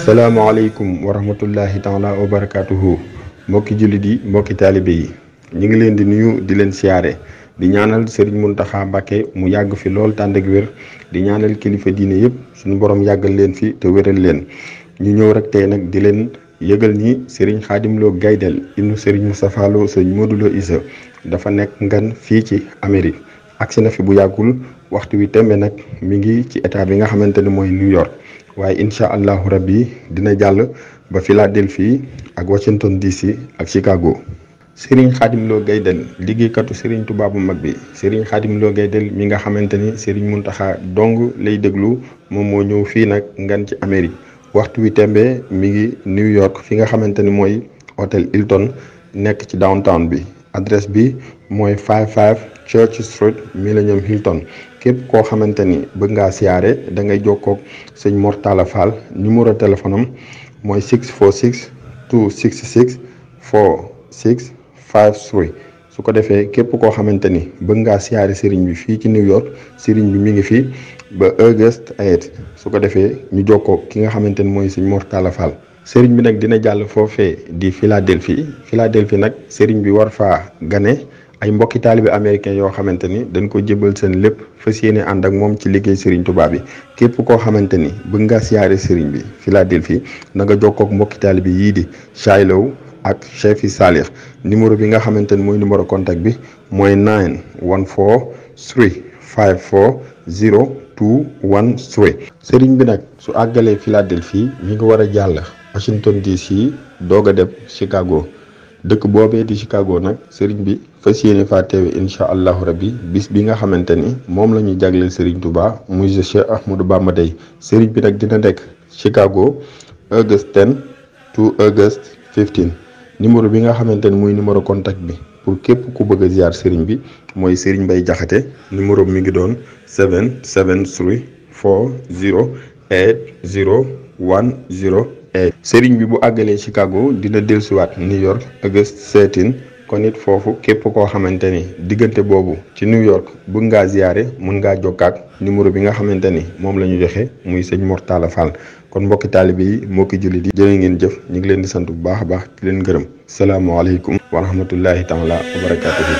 salaamaaleykum wa rahmatullahi taala wa barakaatuhu mbokki jullit yi mbokki taalibe yi ñu ngi leen di nuyu di leen siyaare di ñaanal sëriñ Muntaxa Mbàkke mu yàgg fi lool tànd wér di ñaanal kilifa diine yëpp suñu borom yàggal leen fi te wéral leen ñu ñëw rek tey nag di leen yëgal ni sëriñ xaadimloo gaydel ibnu sëriñ Moustapha Lo sëriñ Modulo Isa dafa nekk nga fii ci Amérique agsi na fi bu yàggul waxtu wi tembe nag mi ngi ci état bi nga xamante ne mooy New York waaye incha allahu rabbi dina jàll ba Philadelphie ak Washington DC ak Chicago. Serigne Khadim gay Gaydel liggéeykatu Serigne Touba bu mag bi Serigne Khadim gay Gaydel mi nga xamante ni Serigne Mountakha dong lay déglu moom moo ñëw fii nag ngan ci Amérique waxtu wi tembe mi ngi New York fi nga xamante ni mooy hôtel Hilton nekk ci downtown bi adresse bi mooy 55 Church Street Millennium Hilton. képp koo xamante ni bëgg ngaa siyaare da ngay jokkoo ak sëñ Mortala Fall numéro téléphone am mooy 646 266 46 53 su ko defee képp koo xamante ni bëgg ngaa siyaare sëriñ bi fii ci New York sëriñ bi mi ngi fii ba August ayet su ko defee ñu jokkoo ki nga xamante ni mooy sëñ Mortala Fall. sëriñ bi nag dina jàll foofee di Philadelphie Philadelphie nag sëriñ bi war faa gane. ay mbokki taalibe américain yoo xamante ni dañ ko jébal seen lépp fas yéene ànd ak moom ci liggéey Serigne Touba bi képp koo xamante ni bëgg nga siyaare Serigne bi Philadelphie na nga jokkoo ak mbokki taalibe yii di Shiloh ak Cheikh Salih numéro bi nga xamante ni mooy numéro contact bi mooy 914 3 54 0213. Serigne bi nag su àggalee Philadelphie ñu ngi war a jàll Washington DC doog a dem Chicago. dëkk boobee di Chicago nag sëriñ bi fas yéene faa teewe incha allahu rabbi bis bi nga xamante ni moom la ñu jagleel sëriñ Touba muy Cheikh Ahmadou Bamba Day sëriñ bi nag dina nekk Chicago August 10 August 15 numéro bi nga xamante ni muy numéro contact bi pour képp ku bëgg a ziar sëriñ bi mooy sëriñ Bay Jaxate numéro mi ngi doon 773 40 80 10 Eh, sëriñ bi bu àggalee Chicago dina dellusiwaat New York August 13 kon it foofu képp koo xamante ni diggante boobu ci New York bëgg ngaa ziyaare mën ngaa jokkaak numéro bi nga xamante ni moom la ñu joxe muy sëñ Mortala Fall kon mbokki taalibe yi mbokki jullit di jërë ngeen jëf ñu ngi leen di sant bu baax a baax di leen gërëm salaamaaleykum wa rahmatullahi taala wa barakaatuhu